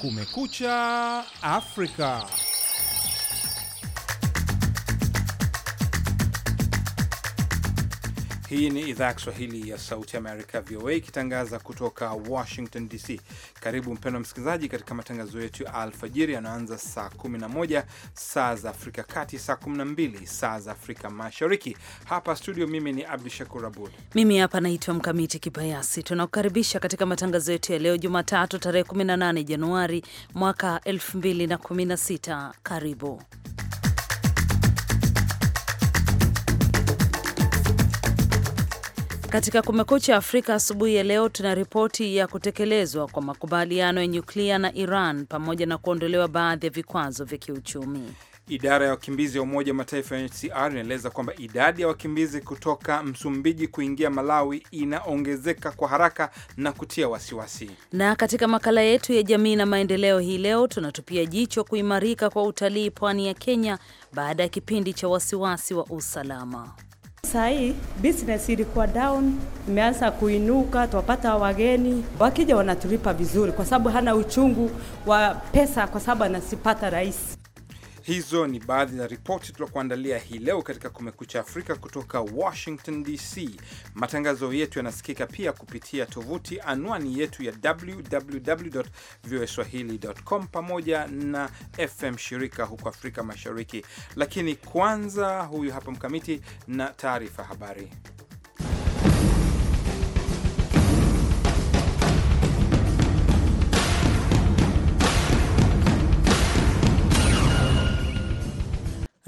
Kumekucha Afrika. Hii ni idhaa ya Kiswahili ya Sauti Amerika, VOA, ikitangaza kutoka Washington DC. Karibu mpendwa msikilizaji, katika matangazo yetu ya alfajiri yanaanza saa 11 saa za Afrika Kati, saa 12 saa za Afrika Mashariki. Hapa studio, mimi ni Abdu Shakur Abud, mimi hapa naitwa Mkamiti Kibayasi. Tunakukaribisha katika matangazo yetu ya leo Jumatatu, tarehe 18 Januari mwaka 2016. Karibu Katika Kumekucha Afrika asubuhi ya leo tuna ripoti ya kutekelezwa kwa makubaliano ya nyuklia na Iran pamoja na kuondolewa baadhi ya vikwazo vya kiuchumi. Idara ya wakimbizi ya Umoja wa Mataifa ya UNHCR inaeleza kwamba idadi ya wakimbizi kutoka Msumbiji kuingia Malawi inaongezeka kwa haraka na kutia wasiwasi wasi. Na katika makala yetu ya jamii na maendeleo hii leo tunatupia jicho kuimarika kwa utalii pwani ya Kenya baada ya kipindi cha wasiwasi wa usalama sahii business ilikuwa down, imeanza kuinuka, twapata wageni, wakija wanatulipa vizuri, kwa sababu hana uchungu wa pesa, kwa sababu anasipata rahisi. Hizo ni baadhi ya ripoti tulokuandalia hii leo katika Kumekucha Afrika kutoka Washington DC. Matangazo yetu yanasikika pia kupitia tovuti anwani yetu ya www voa swahili.com, pamoja na FM shirika huko Afrika Mashariki. Lakini kwanza, huyu hapa Mkamiti na taarifa habari.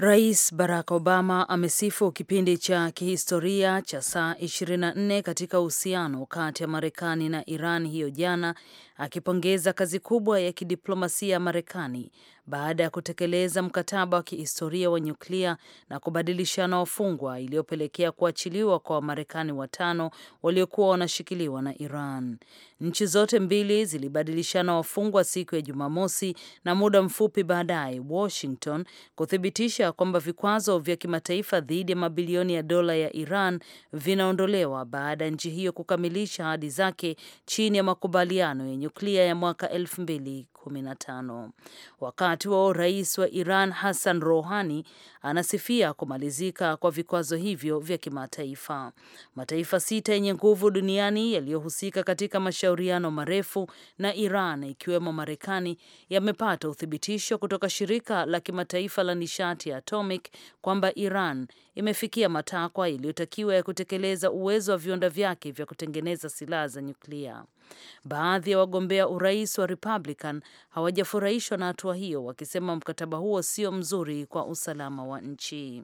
Rais Barack Obama amesifu kipindi cha kihistoria cha saa 24 katika uhusiano kati ya Marekani na Iran hiyo jana, akipongeza kazi kubwa ya kidiplomasia ya Marekani baada ya kutekeleza mkataba wa kihistoria wa nyuklia na kubadilishana wafungwa iliyopelekea kuachiliwa kwa Wamarekani watano waliokuwa wanashikiliwa na Iran. Nchi zote mbili zilibadilishana wafungwa siku ya Jumamosi na muda mfupi baadaye Washington kuthibitisha kwamba vikwazo vya kimataifa dhidi ya mabilioni ya dola ya Iran vinaondolewa baada ya nchi hiyo kukamilisha ahadi zake chini ya makubaliano ya nyuklia ya mwaka elfu mbili 15. Wakati wao rais wa Iran Hassan Rouhani anasifia kumalizika kwa vikwazo hivyo vya kimataifa. Mataifa sita yenye nguvu duniani yaliyohusika katika mashauriano marefu na Iran ikiwemo Marekani yamepata uthibitisho kutoka shirika la kimataifa la nishati ya atomic kwamba Iran imefikia matakwa iliyotakiwa ya kutekeleza uwezo wa viwanda vyake vya kutengeneza silaha za nyuklia. Baadhi ya wagombea urais wa Republican hawajafurahishwa na hatua hiyo, wakisema mkataba huo sio mzuri kwa usalama wa nchi.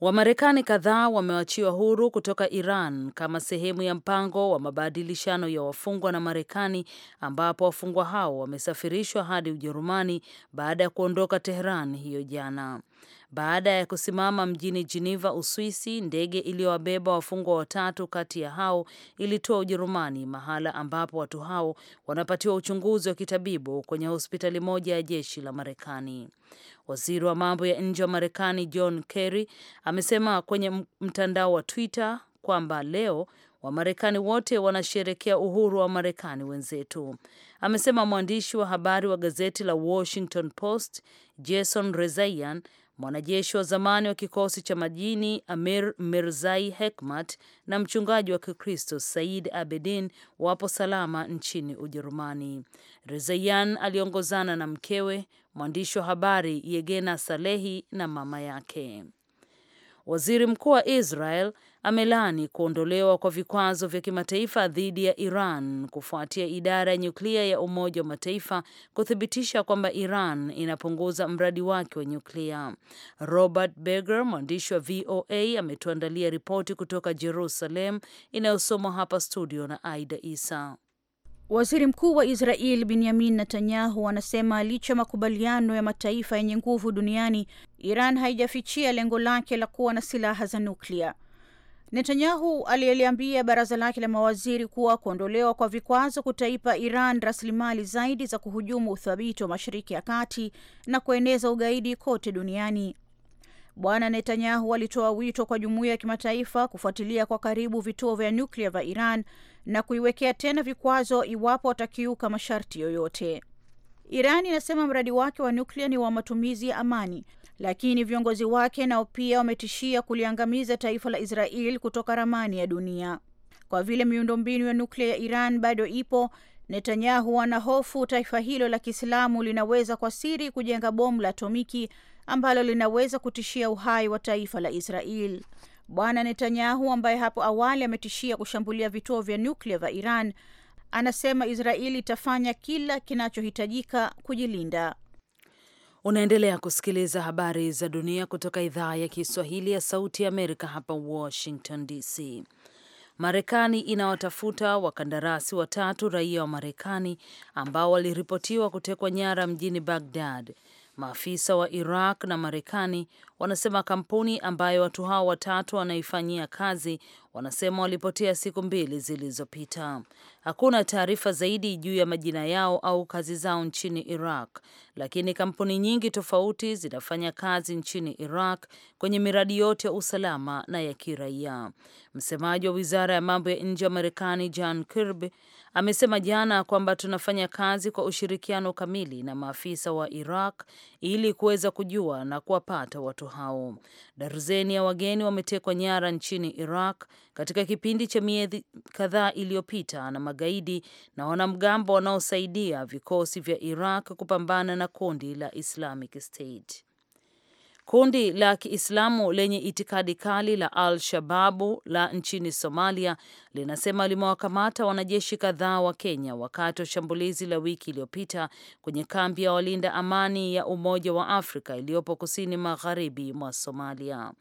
Wamarekani kadhaa wamewachiwa huru kutoka Iran kama sehemu ya mpango wa mabadilishano ya wafungwa na Marekani, ambapo wafungwa hao wamesafirishwa hadi Ujerumani baada ya kuondoka Teheran hiyo jana. Baada ya kusimama mjini Geneva, Uswisi, ndege iliyowabeba wafungwa watatu kati ya hao ilitoa Ujerumani, mahala ambapo watu hao wanapatiwa uchunguzi wa kitabibu kwenye hospitali moja ya jeshi la Marekani. Waziri wa mambo ya nje wa Marekani John Kerry amesema kwenye mtandao wa Twitter kwamba leo Wamarekani wote wanasherekea uhuru wa Marekani wenzetu, amesema mwandishi wa habari wa gazeti la Washington Post Jason Rezaian mwanajeshi wa zamani wa kikosi cha majini Amir Mirzai Hekmat na mchungaji wa Kikristo Said Abedin wapo salama nchini Ujerumani. rezayan aliongozana na mkewe mwandishi wa habari Yegena Salehi na mama yake. Waziri mkuu wa Israel amelaani kuondolewa kwa vikwazo vya kimataifa dhidi ya Iran kufuatia idara ya nyuklia ya Umoja wa Mataifa kuthibitisha kwamba Iran inapunguza mradi wake wa nyuklia. Robert Berger, mwandishi wa VOA, ametuandalia ripoti kutoka Jerusalem inayosomwa hapa studio na Aida Isa. Waziri Mkuu wa Israel Benyamin Netanyahu anasema licha makubaliano ya mataifa yenye nguvu duniani, Iran haijafichia lengo lake la kuwa na silaha za nuklia. Netanyahu aliyeliambia baraza lake la mawaziri kuwa kuondolewa kwa vikwazo kutaipa Iran rasilimali zaidi za kuhujumu uthabiti wa Mashariki ya Kati na kueneza ugaidi kote duniani. Bwana Netanyahu alitoa wito kwa jumuiya ya kimataifa kufuatilia kwa karibu vituo vya nyuklia vya Iran na kuiwekea tena vikwazo iwapo watakiuka masharti yoyote. Iran inasema mradi wake wa nyuklia ni wa matumizi ya amani, lakini viongozi wake nao pia wametishia kuliangamiza taifa la Israel kutoka ramani ya dunia. Kwa vile miundombinu ya nyuklia ya Iran bado ipo, Netanyahu ana hofu taifa hilo la Kiislamu linaweza kwa siri kujenga bomu la atomiki ambalo linaweza kutishia uhai wa taifa la Israel. Bwana Netanyahu, ambaye hapo awali ametishia kushambulia vituo vya nyuklia vya Iran, anasema Israeli itafanya kila kinachohitajika kujilinda. Unaendelea kusikiliza habari za dunia kutoka idhaa ya Kiswahili ya Sauti ya Amerika, hapa Washington DC. Marekani inawatafuta wakandarasi watatu raia wa Marekani ambao waliripotiwa kutekwa nyara mjini Bagdad. Maafisa wa Iraq na Marekani wanasema kampuni ambayo watu hao watatu wanaifanyia kazi wanasema walipotea siku mbili zilizopita. Hakuna taarifa zaidi juu ya majina yao au kazi zao nchini Iraq, lakini kampuni nyingi tofauti zinafanya kazi nchini Iraq kwenye miradi yote ya usalama na ya kiraia. Msemaji wa wizara ya mambo ya nje ya Marekani John Kirby amesema jana kwamba tunafanya kazi kwa ushirikiano kamili na maafisa wa Iraq ili kuweza kujua na kuwapata watu hao. Darzeni ya wageni wametekwa nyara nchini Iraq katika kipindi cha miezi kadhaa iliyopita na magaidi na wanamgambo wanaosaidia vikosi vya Iraq kupambana na kundi la Islamic State. Kundi la Kiislamu lenye itikadi kali la Al-Shababu la nchini Somalia linasema limewakamata wanajeshi kadhaa wa Kenya wakati wa shambulizi la wiki iliyopita kwenye kambi ya walinda amani ya Umoja wa Afrika iliyopo kusini magharibi mwa Somalia.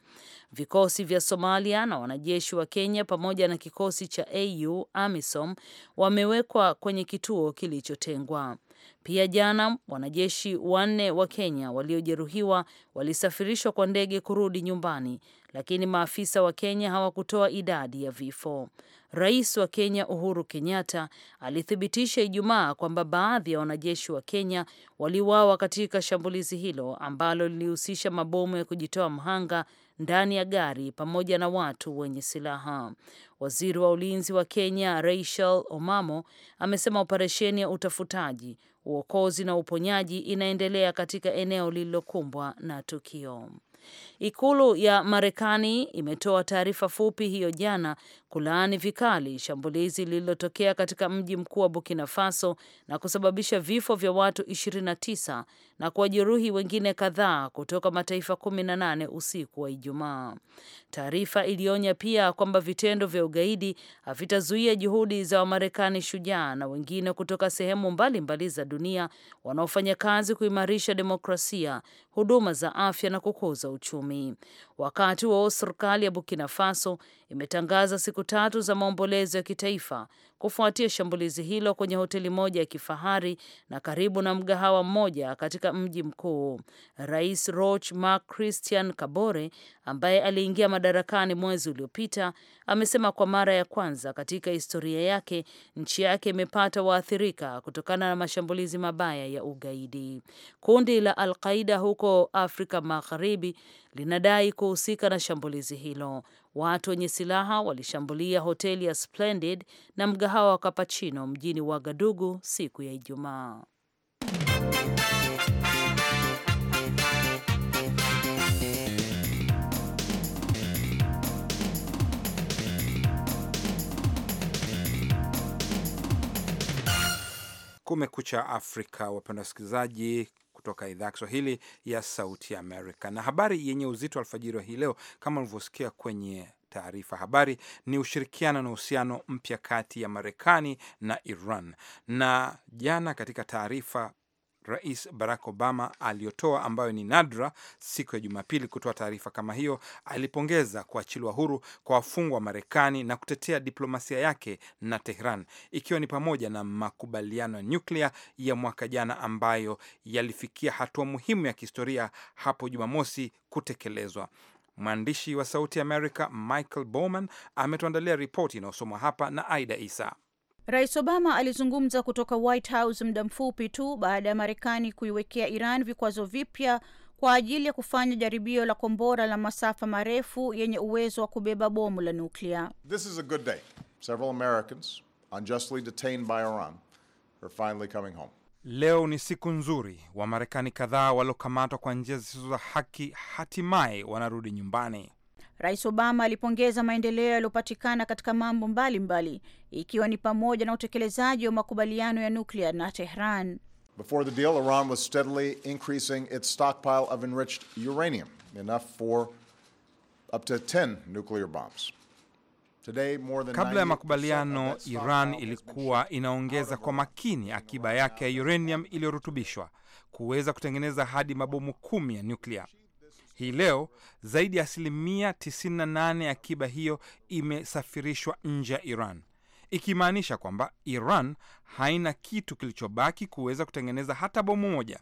Vikosi vya Somalia na wanajeshi wa Kenya pamoja na kikosi cha AU AMISOM wamewekwa kwenye kituo kilichotengwa. Pia jana wanajeshi wanne wa Kenya waliojeruhiwa walisafirishwa kwa ndege kurudi nyumbani, lakini maafisa wa Kenya hawakutoa idadi ya vifo. Rais wa Kenya Uhuru Kenyatta alithibitisha Ijumaa kwamba baadhi ya wanajeshi wa Kenya waliuawa katika shambulizi hilo ambalo lilihusisha mabomu ya kujitoa mhanga ndani ya gari pamoja na watu wenye silaha. Waziri wa ulinzi wa Kenya Rachel Omamo amesema operesheni ya utafutaji, uokozi na uponyaji inaendelea katika eneo lililokumbwa na tukio. Ikulu ya Marekani imetoa taarifa fupi hiyo jana kulaani vikali shambulizi lililotokea katika mji mkuu wa Burkina Faso na kusababisha vifo vya watu 29 na kuwajeruhi wengine kadhaa kutoka mataifa 18 usiku wa Ijumaa. Taarifa ilionya pia kwamba vitendo vya ugaidi havitazuia juhudi za Wamarekani shujaa na wengine kutoka sehemu mbalimbali mbali za dunia wanaofanya kazi kuimarisha demokrasia, huduma za afya na kukuza uchumi. Wakati wao serikali ya Burkina Faso imetangaza siku tatu za maombolezo ya kitaifa kufuatia shambulizi hilo kwenye hoteli moja ya kifahari na karibu na mgahawa mmoja katika mji mkuu. Rais Roch Marc Christian Kabore ambaye aliingia madarakani mwezi uliopita amesema kwa mara ya kwanza katika historia yake nchi yake imepata waathirika kutokana na mashambulizi mabaya ya ugaidi. Kundi la Al Qaida huko Afrika Magharibi linadai kuhusika na shambulizi hilo. Watu wenye silaha walishambulia hoteli ya Splendid na mgahawa wa Kapachino mjini Wagadugu siku ya Ijumaa. Kumekucha Afrika, wapenda wasikilizaji, kutoka idhaa ya Kiswahili ya Sauti ya Amerika. Na habari yenye uzito alfajiri wa hii leo kama ulivyosikia kwenye taarifa habari ni ushirikiano na uhusiano mpya kati ya Marekani na Iran. Na jana katika taarifa Rais Barack Obama aliyotoa, ambayo ni nadra siku ya Jumapili kutoa taarifa kama hiyo. Alipongeza kuachiliwa huru kwa wafungwa wa Marekani na kutetea diplomasia yake na Tehran, ikiwa ni pamoja na makubaliano ya nyuklia ya mwaka jana ambayo yalifikia hatua muhimu ya kihistoria hapo Jumamosi kutekelezwa. Mwandishi wa Sauti Amerika Michael Bowman ametuandalia ripoti inayosomwa hapa na Aida Isa. Rais Obama alizungumza kutoka White House muda mfupi tu baada ya Marekani kuiwekea Iran vikwazo vipya kwa ajili ya kufanya jaribio la kombora la masafa marefu yenye uwezo wa kubeba bomu la nuklia. This is a good day. Several Americans unjustly detained by Iran are finally coming home. Leo ni siku nzuri. Wamarekani kadhaa waliokamatwa kwa njia zisizo za haki hatimaye wanarudi nyumbani. Rais Obama alipongeza maendeleo yaliyopatikana katika mambo mbalimbali mbali, ikiwa ni pamoja na utekelezaji wa makubaliano ya nuklia na Tehran. Before the deal, Iran was steadily increasing its stockpile of enriched uranium, enough for up to 10 nuclear bombs. Today, more than kabla ya makubaliano Iran ilikuwa inaongeza kwa makini akiba yake ya uranium iliyorutubishwa kuweza kutengeneza hadi mabomu kumi ya nyuklia. Hii leo zaidi ya asilimia 98 ya akiba hiyo imesafirishwa nje ya Iran, ikimaanisha kwamba Iran haina kitu kilichobaki kuweza kutengeneza hata bomu moja.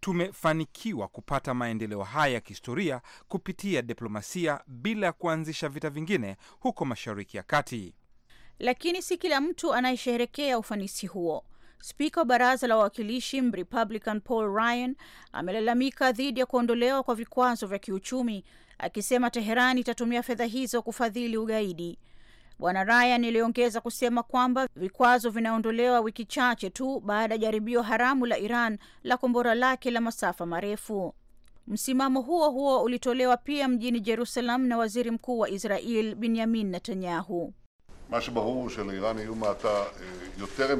Tumefanikiwa kupata maendeleo haya ya kihistoria kupitia diplomasia bila ya kuanzisha vita vingine huko Mashariki ya Kati, lakini si kila mtu anayesheherekea ufanisi huo. Spika wa baraza la wawakilishi Mrepublican Paul Ryan amelalamika dhidi ya kuondolewa kwa vikwazo vya kiuchumi, akisema Teherani itatumia fedha hizo kufadhili ugaidi. Bwana Ryan iliongeza kusema kwamba vikwazo vinaondolewa wiki chache tu baada ya jaribio haramu la Iran la kombora lake la masafa marefu. Msimamo huo huo ulitolewa pia mjini Jerusalem na waziri mkuu wa Israel Benyamin Netanyahu. ma eh, yoter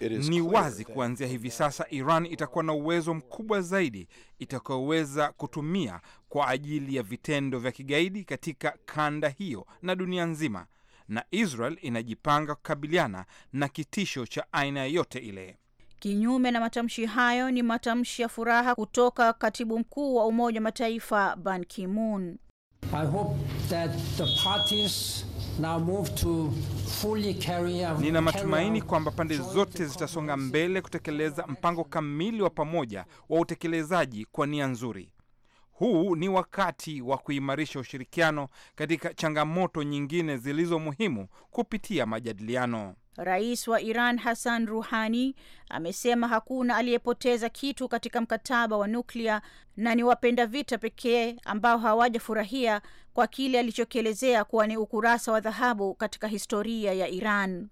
ni wazi kuanzia hivi sasa Iran itakuwa na uwezo mkubwa zaidi itakayoweza kutumia kwa ajili ya vitendo vya kigaidi katika kanda hiyo na dunia nzima, na Israel inajipanga kukabiliana na kitisho cha aina yoyote ile. Kinyume na matamshi hayo ni matamshi ya furaha kutoka katibu mkuu wa Umoja wa Mataifa Ban Ki-moon. I hope that the parties Nina matumaini kwamba pande zote zitasonga mbele kutekeleza mpango kamili wa pamoja wa utekelezaji kwa nia nzuri. Huu ni wakati wa kuimarisha ushirikiano katika changamoto nyingine zilizo muhimu kupitia majadiliano. Rais wa Iran Hassan Ruhani amesema hakuna aliyepoteza kitu katika mkataba wa nuklia na ni wapenda vita pekee ambao hawajafurahia kwa kile alichokielezea kuwa ni ukurasa wa dhahabu katika historia ya Iran.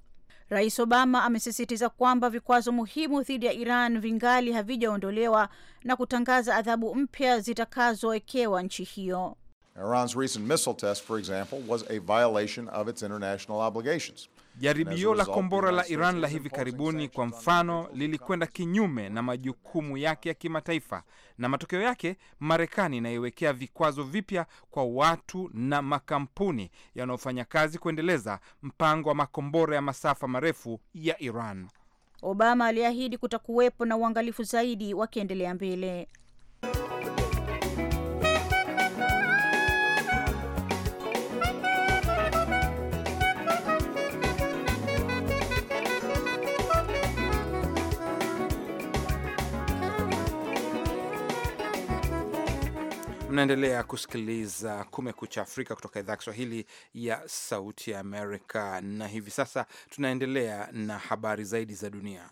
Rais Obama amesisitiza kwamba vikwazo muhimu dhidi ya Iran vingali havijaondolewa na kutangaza adhabu mpya zitakazowekewa nchi hiyo. Iran's recent missile test, for example, was a violation of its international obligations. Jaribio la kombora la Iran la hivi karibuni, kwa mfano, lilikwenda kinyume na majukumu yake ya kimataifa, na matokeo yake Marekani inaiwekea vikwazo vipya kwa watu na makampuni yanayofanya kazi kuendeleza mpango wa makombora ya masafa marefu ya Iran. Obama aliahidi kutakuwepo na uangalifu zaidi wakiendelea mbele. Mnaendelea kusikiliza Kumekucha Afrika kutoka idhaa ya Kiswahili ya Sauti ya Amerika, na hivi sasa tunaendelea na habari zaidi za dunia.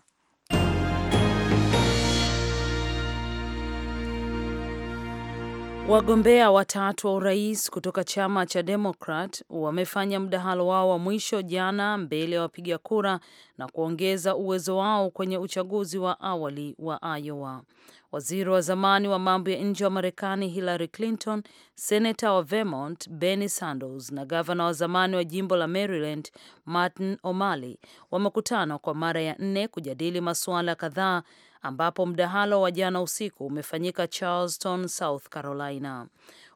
Wagombea watatu wa urais kutoka chama cha Demokrat wamefanya mdahalo wao wa mwisho jana mbele ya wapiga kura na kuongeza uwezo wao kwenye uchaguzi wa awali wa Iowa waziri wa zamani wa mambo ya nje wa Marekani Hillary Clinton, senata wa Vermont Bernie Sanders na gavana wa zamani wa jimbo la Maryland Martin O'Malley wamekutana kwa mara ya nne kujadili masuala kadhaa, ambapo mdahalo wa jana usiku umefanyika Charleston, South Carolina.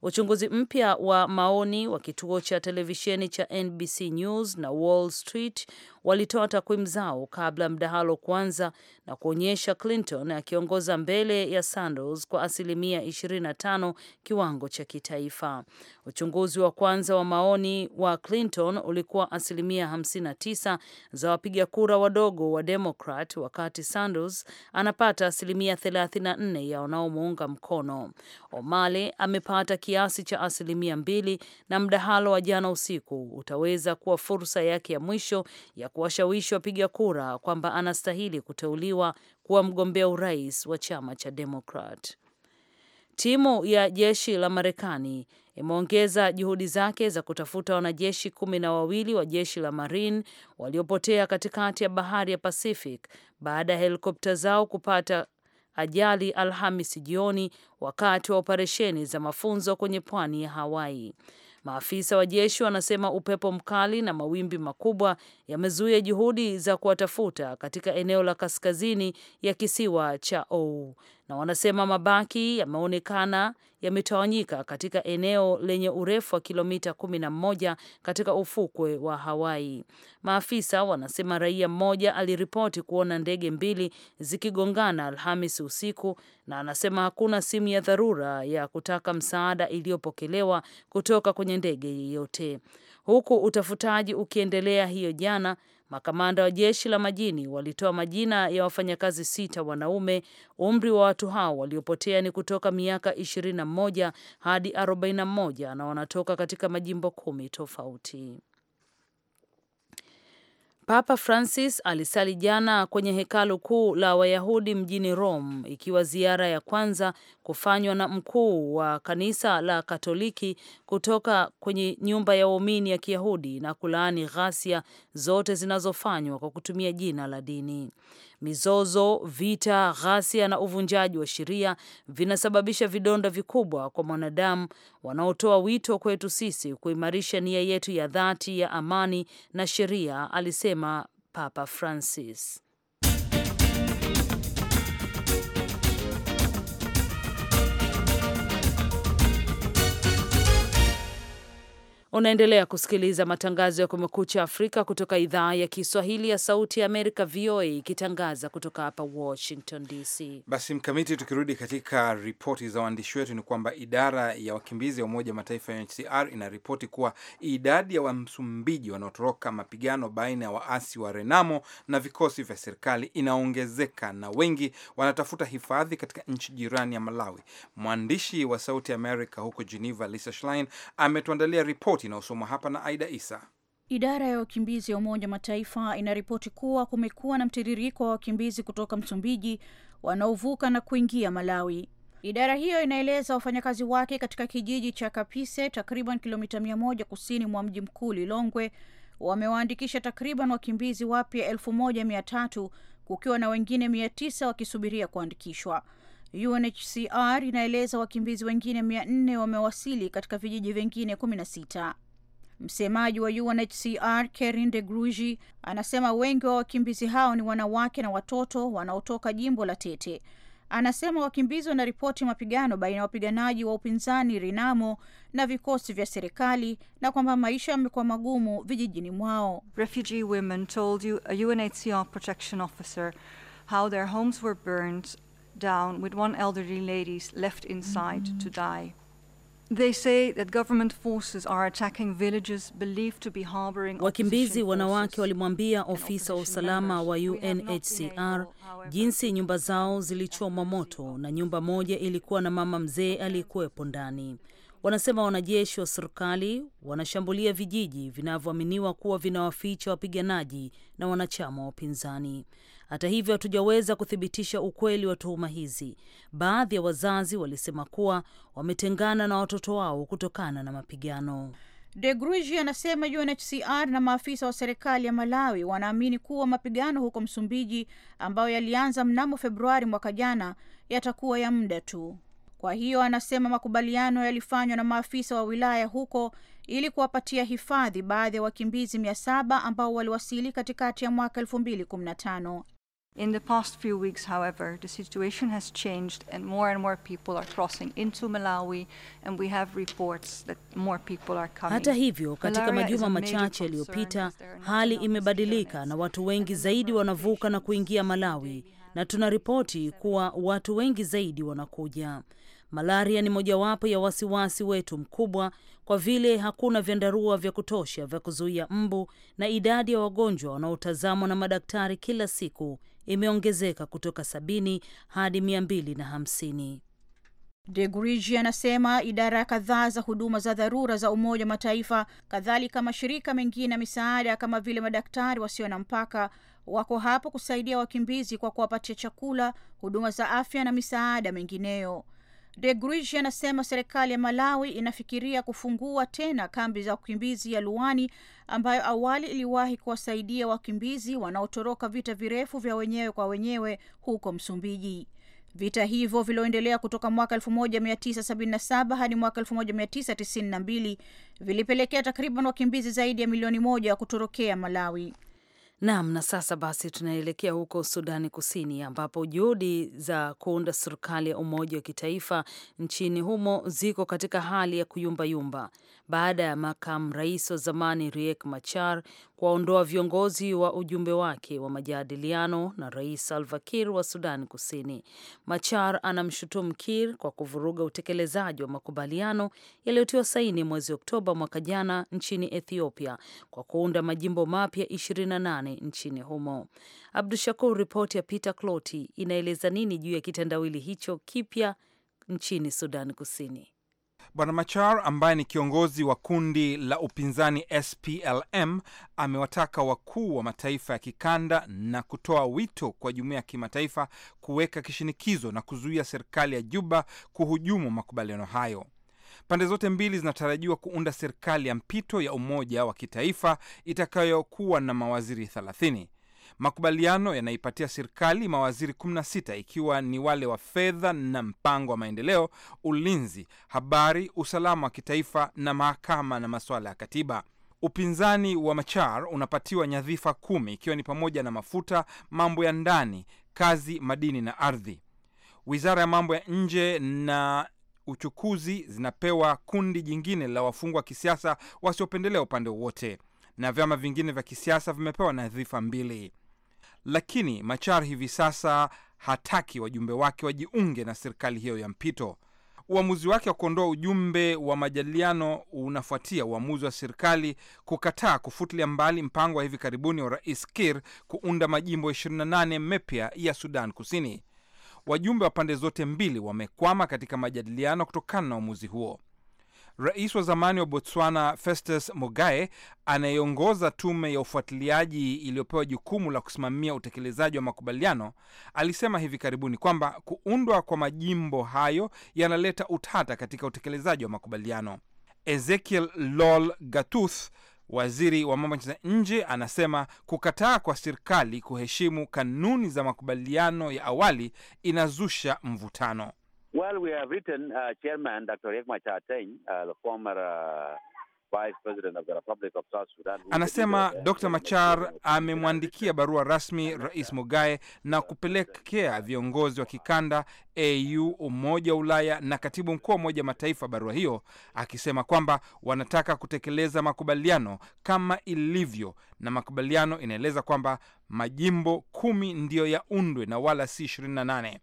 Uchunguzi mpya wa maoni wa kituo cha televisheni cha NBC News na Wall Street walitoa takwimu zao kabla mdahalo kuanza na kuonyesha Clinton akiongoza mbele ya Sanders kwa asilimia 25 kiwango cha kitaifa. Uchunguzi wa kwanza wa maoni wa Clinton ulikuwa asilimia 59 za wapiga kura wadogo wa demokrat wakati Sanders anapata asilimia 34 ya wanaomuunga mkono. Omale amepata kiasi cha asilimia mbili, na mdahalo wa jana usiku utaweza kuwa fursa yake ya mwisho ya kuwashawishi wapiga kura kwamba anastahili kuteuliwa kuwa mgombea urais wa chama cha Demokrat. Timu ya jeshi la Marekani imeongeza juhudi zake za kutafuta wanajeshi kumi na wawili wa jeshi la Marine waliopotea katikati ya bahari ya Pacific baada ya helikopta zao kupata ajali Alhamis jioni wakati wa operesheni za mafunzo kwenye pwani ya Hawaii. Maafisa wa jeshi wanasema upepo mkali na mawimbi makubwa yamezuia juhudi za kuwatafuta katika eneo la kaskazini ya kisiwa cha Oahu na wanasema mabaki yameonekana yametawanyika katika eneo lenye urefu wa kilomita kumi na moja katika ufukwe wa Hawaii. Maafisa wanasema raia mmoja aliripoti kuona ndege mbili zikigongana Alhamis usiku, na anasema hakuna simu ya dharura ya kutaka msaada iliyopokelewa kutoka kwenye ndege yeyote, huku utafutaji ukiendelea hiyo jana Makamanda wa jeshi la majini walitoa majina ya wafanyakazi sita wanaume. Umri wa watu hao waliopotea ni kutoka miaka 21 hadi 41 na wanatoka katika majimbo kumi tofauti. Papa Francis alisali jana kwenye hekalu kuu la Wayahudi mjini Rome, ikiwa ziara ya kwanza kufanywa na mkuu wa kanisa la Katoliki kutoka kwenye nyumba ya waumini ya Kiyahudi na kulaani ghasia zote zinazofanywa kwa kutumia jina la dini. Mizozo, vita, ghasia na uvunjaji wa sheria vinasababisha vidonda vikubwa kwa mwanadamu, wanaotoa wito kwetu sisi kuimarisha nia yetu ya dhati ya amani na sheria, alisema Papa Francis. Unaendelea kusikiliza matangazo ya Kumekucha Afrika kutoka idhaa ya Kiswahili ya Sauti ya Amerika, VOA, ikitangaza kutoka hapa Washington DC. Basi Mkamiti, tukirudi katika ripoti za waandishi wetu, ni kwamba idara ya wakimbizi ya Umoja Mataifa ya UNHCR inaripoti kuwa idadi ya Wamsumbiji wanaotoroka mapigano baina ya waasi wa Renamo na vikosi vya serikali inaongezeka na wengi wanatafuta hifadhi katika nchi jirani ya Malawi. Mwandishi wa Sauti Amerika huko Geneva, Lisa Schlein, ametuandalia ripoti ripoti inayosomwa hapa na Aida Isa. Idara ya wakimbizi ya Umoja wa Mataifa inaripoti kuwa kumekuwa na mtiririko wa wakimbizi kutoka Msumbiji wanaovuka na kuingia Malawi. Idara hiyo inaeleza wafanyakazi wake katika kijiji cha Kapise, takriban kilomita mia moja kusini mwa mji mkuu Lilongwe, wamewaandikisha takriban wakimbizi wapya elfu moja mia tatu kukiwa na wengine mia tisa wakisubiria kuandikishwa. UNHCR inaeleza wakimbizi wengine mia nne wamewasili katika vijiji vingine kumi na sita. Msemaji wa UNHCR Karin de Gruji anasema wengi wa wakimbizi hao ni wanawake na watoto wanaotoka jimbo la Tete. Anasema wakimbizi wanaripoti mapigano baina ya wapiganaji wa upinzani Renamo na vikosi vya serikali na kwamba maisha yamekuwa magumu vijijini mwao. Refugee women told you a UNHCR protection officer how their homes were burned down with one elderly lady left inside mm -hmm. to die. They say that government forces are attacking villages believed to be harboring. Wakimbizi wanawake walimwambia ofisa wa usalama wa UNHCR jinsi nyumba zao zilichomwa moto na nyumba moja ilikuwa na mama mzee aliyekuwepo ndani. Wanasema wanajeshi wa serikali wanashambulia vijiji vinavyoaminiwa kuwa vinawaficha wapiganaji na wanachama wa upinzani. Hata hivyo, hatujaweza kuthibitisha ukweli wa tuhuma hizi. Baadhi ya wazazi walisema kuwa wametengana na watoto wao kutokana na mapigano. De gruji anasema UNHCR na maafisa wa serikali ya Malawi wanaamini kuwa mapigano huko Msumbiji ambayo yalianza mnamo Februari mwaka jana yatakuwa ya muda tu. Kwa hiyo anasema makubaliano yalifanywa na maafisa wa wilaya huko ili kuwapatia hifadhi baadhi ya wakimbizi mia saba ambao waliwasili katikati ya mwaka elfu mbili kumi na tano. In the past few weeks, however, the situation has changed and more and more people are crossing into Malawi and we have reports that more people are coming. Hata hivyo, katika majuma machache yaliyopita, hali imebadilika na watu wengi zaidi wanavuka na kuingia Malawi na tunaripoti kuwa watu wengi zaidi wanakuja. Malaria ni mojawapo ya wasiwasi wetu mkubwa kwa vile hakuna vyandarua vya kutosha vya kuzuia mbu na idadi ya wagonjwa wanaotazamwa na madaktari kila siku imeongezeka kutoka sabini hadi mia mbili na hamsini. De Grigi anasema idara kadhaa za huduma za dharura za Umoja wa Mataifa, kadhalika mashirika mengine ya misaada kama vile Madaktari Wasio na Mpaka wako hapo kusaidia wakimbizi kwa kuwapatia chakula, huduma za afya na misaada mengineyo. De Gruich anasema serikali ya Malawi inafikiria kufungua tena kambi za wakimbizi ya Luwani ambayo awali iliwahi kuwasaidia wakimbizi wanaotoroka vita virefu vya wenyewe kwa wenyewe huko Msumbiji. Vita hivyo vilioendelea kutoka mwaka 1977 hadi mwaka 1992 vilipelekea takriban wakimbizi zaidi ya milioni moja wa kutorokea Malawi. Naam, na sasa basi tunaelekea huko Sudani Kusini ambapo juhudi za kuunda serikali ya umoja wa kitaifa nchini humo ziko katika hali ya kuyumbayumba baada ya makamu rais wa zamani Riek Machar kuwaondoa viongozi wa ujumbe wake wa majadiliano na Rais Salva Kiir wa Sudan Kusini. Machar anamshutumu Kiir kwa kuvuruga utekelezaji wa makubaliano yaliyotiwa saini mwezi Oktoba mwaka jana nchini Ethiopia kwa kuunda majimbo mapya 28 nchini humo. Abdu Shakur, ripoti ya Peter Cloti inaeleza nini juu ya kitendawili hicho kipya nchini Sudan Kusini? Bwana Machar ambaye ni kiongozi wa kundi la upinzani SPLM amewataka wakuu wa mataifa ya kikanda na kutoa wito kwa jumuiya ya kimataifa kuweka kishinikizo na kuzuia serikali ya Juba kuhujumu makubaliano hayo. Pande zote mbili zinatarajiwa kuunda serikali ya mpito ya umoja wa kitaifa itakayokuwa na mawaziri hahi0 Makubaliano yanaipatia serikali mawaziri 16 ikiwa ni wale wa fedha na mpango wa maendeleo, ulinzi, habari, usalama wa kitaifa na mahakama na masuala ya katiba. Upinzani wa Machar unapatiwa nyadhifa kumi ikiwa ni pamoja na mafuta, mambo ya ndani, kazi, madini na ardhi. Wizara ya mambo ya nje na uchukuzi zinapewa kundi jingine la wafungwa wa kisiasa wasiopendelea upande wowote, na vyama vingine vya kisiasa vimepewa nyadhifa mbili lakini Machar hivi sasa hataki wajumbe wake wajiunge na serikali hiyo ya mpito. Uamuzi wake wa kuondoa ujumbe wa majadiliano unafuatia uamuzi wa serikali kukataa kufutilia mbali mpango wa hivi karibuni wa Rais Kir kuunda majimbo 28 mapya ya Sudan Kusini. Wajumbe wa pande zote mbili wamekwama katika majadiliano kutokana na uamuzi huo. Rais wa zamani wa Botswana Festus Mogae anayeongoza tume ya ufuatiliaji iliyopewa jukumu la kusimamia utekelezaji wa makubaliano alisema hivi karibuni kwamba kuundwa kwa majimbo hayo yanaleta utata katika utekelezaji wa makubaliano. Ezekiel Lol Gatuth, waziri wa mambo ya nje, anasema kukataa kwa serikali kuheshimu kanuni za makubaliano ya awali inazusha mvutano. Well, we have written uh, Chairman Dr. Riek Machar uh, the former uh, Vice President of the Republic of South Sudan. Anasema Dr. Machar amemwandikia barua rasmi Rais Mugae na kupelekea viongozi wa kikanda AU, Umoja wa Ulaya na Katibu Mkuu wa Umoja Mataifa barua hiyo akisema kwamba wanataka kutekeleza makubaliano kama ilivyo, na makubaliano inaeleza kwamba majimbo kumi ndiyo yaundwe na wala si 28.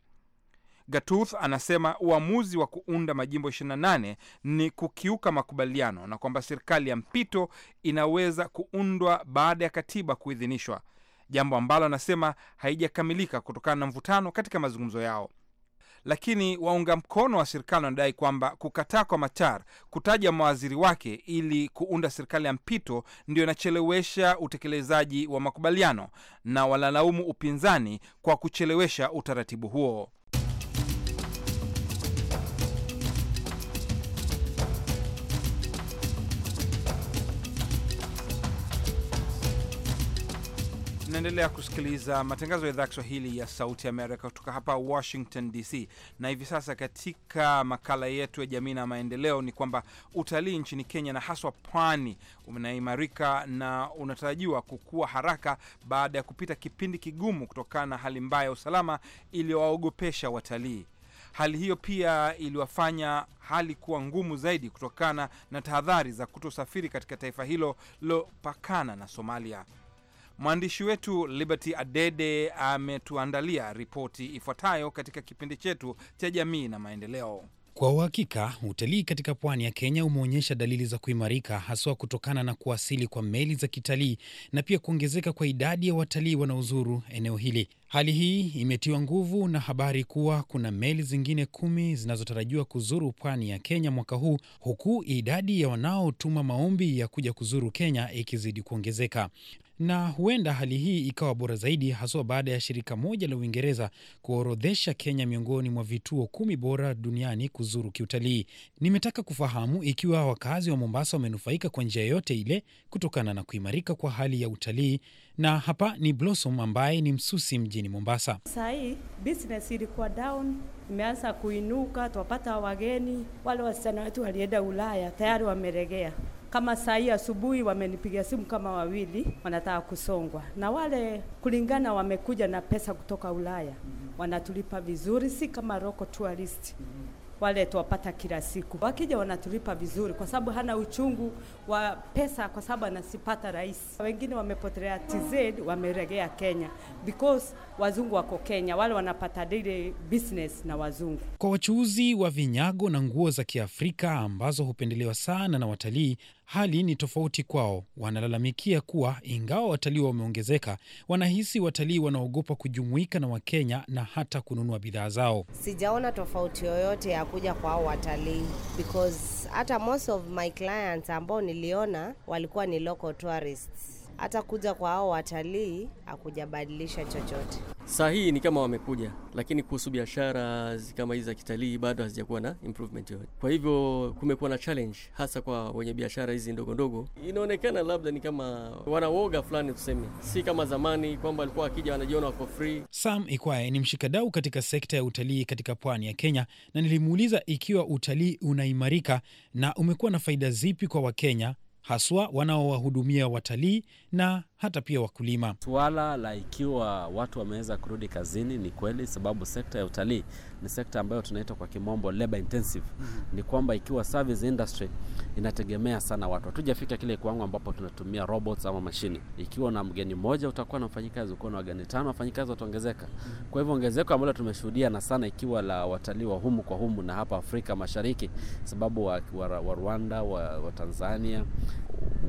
Gatuth anasema uamuzi wa kuunda majimbo 28 ni kukiuka makubaliano na kwamba serikali ya mpito inaweza kuundwa baada ya katiba kuidhinishwa, jambo ambalo anasema haijakamilika kutokana na mvutano katika mazungumzo yao. Lakini waunga mkono wa serikali wanadai kwamba kukataa kwa Machar kutaja mawaziri wake ili kuunda serikali ya mpito ndio inachelewesha utekelezaji wa makubaliano, na wanalaumu upinzani kwa kuchelewesha utaratibu huo. Mnaendelea kusikiliza matangazo ya idhaa Kiswahili ya Sauti Amerika kutoka hapa Washington DC. Na hivi sasa katika makala yetu ya jamii na maendeleo, ni kwamba utalii nchini Kenya na haswa pwani unaimarika na unatarajiwa kukua haraka baada ya kupita kipindi kigumu kutokana na hali mbaya ya usalama iliyowaogopesha watalii. Hali hiyo pia iliwafanya hali kuwa ngumu zaidi kutokana na tahadhari za kutosafiri katika taifa hilo lilopakana na Somalia. Mwandishi wetu Liberty Adede ametuandalia ripoti ifuatayo katika kipindi chetu cha jamii na maendeleo. Kwa uhakika utalii katika pwani ya Kenya umeonyesha dalili za kuimarika haswa kutokana na kuwasili kwa meli za kitalii na pia kuongezeka kwa idadi ya watalii wanaozuru eneo hili. Hali hii imetiwa nguvu na habari kuwa kuna meli zingine kumi zinazotarajiwa kuzuru pwani ya Kenya mwaka huu, huku idadi ya wanaotuma maombi ya kuja kuzuru Kenya ikizidi kuongezeka na huenda hali hii ikawa bora zaidi, haswa baada ya shirika moja la Uingereza kuorodhesha Kenya miongoni mwa vituo kumi bora duniani kuzuru kiutalii. Nimetaka kufahamu ikiwa wakazi wa Mombasa wamenufaika kwa njia yoyote ile kutokana na kuimarika kwa hali ya utalii, na hapa ni Blossom ambaye ni msusi mjini Mombasa. Saa business ilikuwa down, imeanza kuinuka, twapata wageni. Wale wasichana wetu walienda Ulaya tayari wameregea kama saa hii asubuhi wamenipiga simu kama wawili, wanataka kusongwa na wale kulingana, wamekuja na pesa kutoka Ulaya wanatulipa vizuri, si kama roko tourist wale tuwapata kila siku, wakija wanatulipa vizuri, kwa sababu hana uchungu wa pesa, kwa sababu anasipata rahisi. Wengine wamepotelea TZ, wameregea Kenya because wazungu wako Kenya, wale wanapata dile business na wazungu. Kwa wachuuzi wa vinyago na nguo za Kiafrika ambazo hupendelewa sana na watalii, hali ni tofauti kwao. Wanalalamikia kuwa ingawa watalii wameongezeka, wanahisi watalii wanaogopa kujumuika na Wakenya na hata kununua bidhaa zao. Sijaona tofauti yoyote ya kuja kwa hao watalii because hata most of my clients ambao niliona walikuwa ni local tourists hata kuja kwa hao watalii hakujabadilisha chochote. Saa hii ni kama wamekuja, lakini kuhusu biashara kama hizi za kitalii bado hazijakuwa na improvement yoyote. Kwa hivyo kumekuwa na challenge hasa kwa wenye biashara hizi ndogo ndogo. Inaonekana labda ni kama wanawoga fulani, tuseme, si kama zamani kwamba walikuwa wakija wanajiona wako free. Sam Ikwaye ni mshikadau katika sekta ya utalii katika pwani ya Kenya, na nilimuuliza ikiwa utalii unaimarika na umekuwa na faida zipi kwa Wakenya haswa wanaowahudumia watalii na hata pia wakulima. Suala la ikiwa watu wameweza kurudi kazini ni kweli, sababu sekta ya utalii ni sekta ambayo tunaita kwa kimombo labor intensive. Mm-hmm. Ni kwamba ikiwa service industry inategemea sana watu, hatujafika kile kiwango ambapo tunatumia robots ama mashini. Ikiwa na mgeni mmoja utakuwa na mfanyikazi, ukiwa na wageni tano wafanyikazi wataongezeka. Mm-hmm. Kwa hivyo ongezeko ambalo tumeshuhudia na sana ikiwa la watalii wa humu kwa humu na hapa Afrika Mashariki, sababu wa, wa, wa Rwanda wa, wa Tanzania,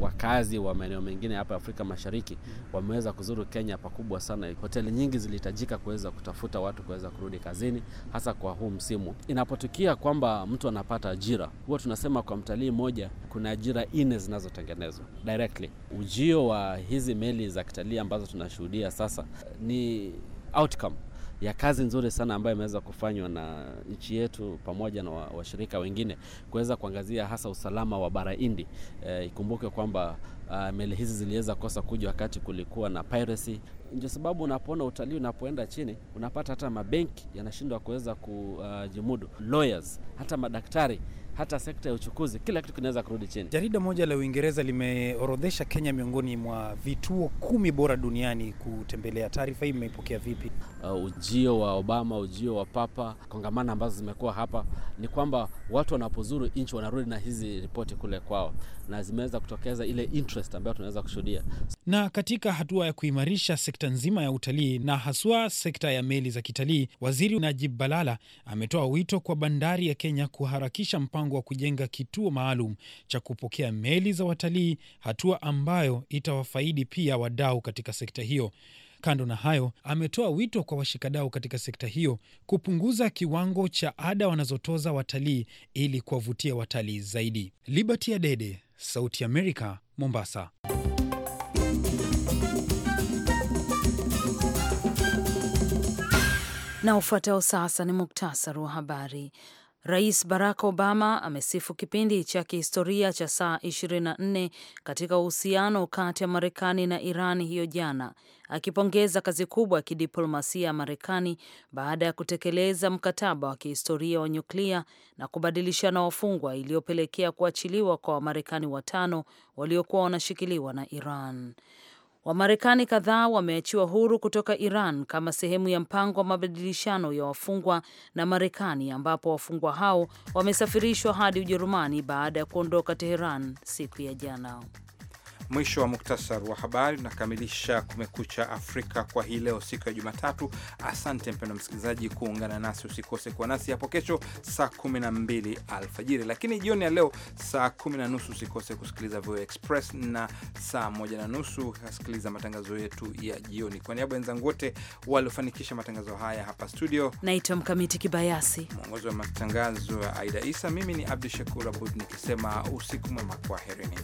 wakazi wa maeneo mengine hapa Afrika Mashariki Mashariki wameweza kuzuru Kenya pakubwa sana. Hoteli nyingi zilihitajika kuweza kutafuta watu kuweza kurudi kazini, hasa kwa huu msimu. Inapotukia kwamba mtu anapata ajira, huwa tunasema kwa mtalii mmoja kuna ajira nne zinazotengenezwa directly. Ujio wa hizi meli za kitalii ambazo tunashuhudia sasa eh, ni outcome ya kazi nzuri sana ambayo imeweza kufanywa na nchi yetu pamoja na washirika wa wengine kuweza kuangazia hasa usalama wa bara Hindi. E, ikumbuke kwamba Uh, meli hizi ziliweza kosa kuja wakati kulikuwa na piracy. Ndio sababu unapoona utalii unapoenda chini, unapata hata mabenki yanashindwa kuweza kujimudu, lawyers, hata madaktari hata sekta ya uchukuzi, kila kitu kinaweza kurudi chini. Jarida moja la Uingereza limeorodhesha Kenya miongoni mwa vituo kumi bora duniani kutembelea. Taarifa hii mmeipokea vipi? Uh, ujio wa Obama, ujio wa Papa, kongamano ambazo zimekuwa hapa, ni kwamba watu wanapozuru nchi wanarudi na hizi ripoti kule kwao na zimeweza kutokeza ile interest ambayo tunaweza kushuhudia. Na katika hatua ya kuimarisha sekta nzima ya utalii na haswa sekta ya meli za kitalii, Waziri Najib Balala ametoa wito kwa bandari ya Kenya kuharakisha mpango wa kujenga kituo maalum cha kupokea meli za watalii, hatua ambayo itawafaidi pia wadau katika sekta hiyo. Kando na hayo, ametoa wito kwa washikadau katika sekta hiyo kupunguza kiwango cha ada wanazotoza watalii ili kuwavutia watalii zaidi. Liberty Adede, Sauti Amerika, Mombasa. Na ufuatao sasa ni muktasari wa habari. Rais Barack Obama amesifu kipindi cha kihistoria cha saa 24 katika uhusiano kati ya Marekani na Iran hiyo jana, akipongeza kazi kubwa ya kidiplomasia ya Marekani baada ya kutekeleza mkataba wa kihistoria wa nyuklia na kubadilishana wafungwa iliyopelekea kuachiliwa kwa Wamarekani watano waliokuwa wanashikiliwa na Iran. Wamarekani kadhaa wameachiwa huru kutoka Iran kama sehemu ya mpango wa mabadilishano ya wafungwa na Marekani, ambapo wafungwa hao wamesafirishwa hadi Ujerumani baada ya kuondoka Teheran siku ya jana. Mwisho wa muktasar wa habari. unakamilisha Kumekucha Afrika kwa hii leo, siku ya Jumatatu. Asante mpendo msikilizaji kuungana nasi, usikose kuwa nasi hapo kesho saa 12 alfajiri, lakini jioni ya leo saa 1 na nusu usikose kusikiliza VOA Express na saa 1 na nusu kasikiliza matangazo yetu ya jioni. Kwa niaba wenzangu wote waliofanikisha matangazo haya hapa studio, naitwa Mkamiti Kibayasi, mwongozi wa matangazo ya Aida Isa, mimi ni Abdu Shakur Abud nikisema usiku mwema, kwaherini.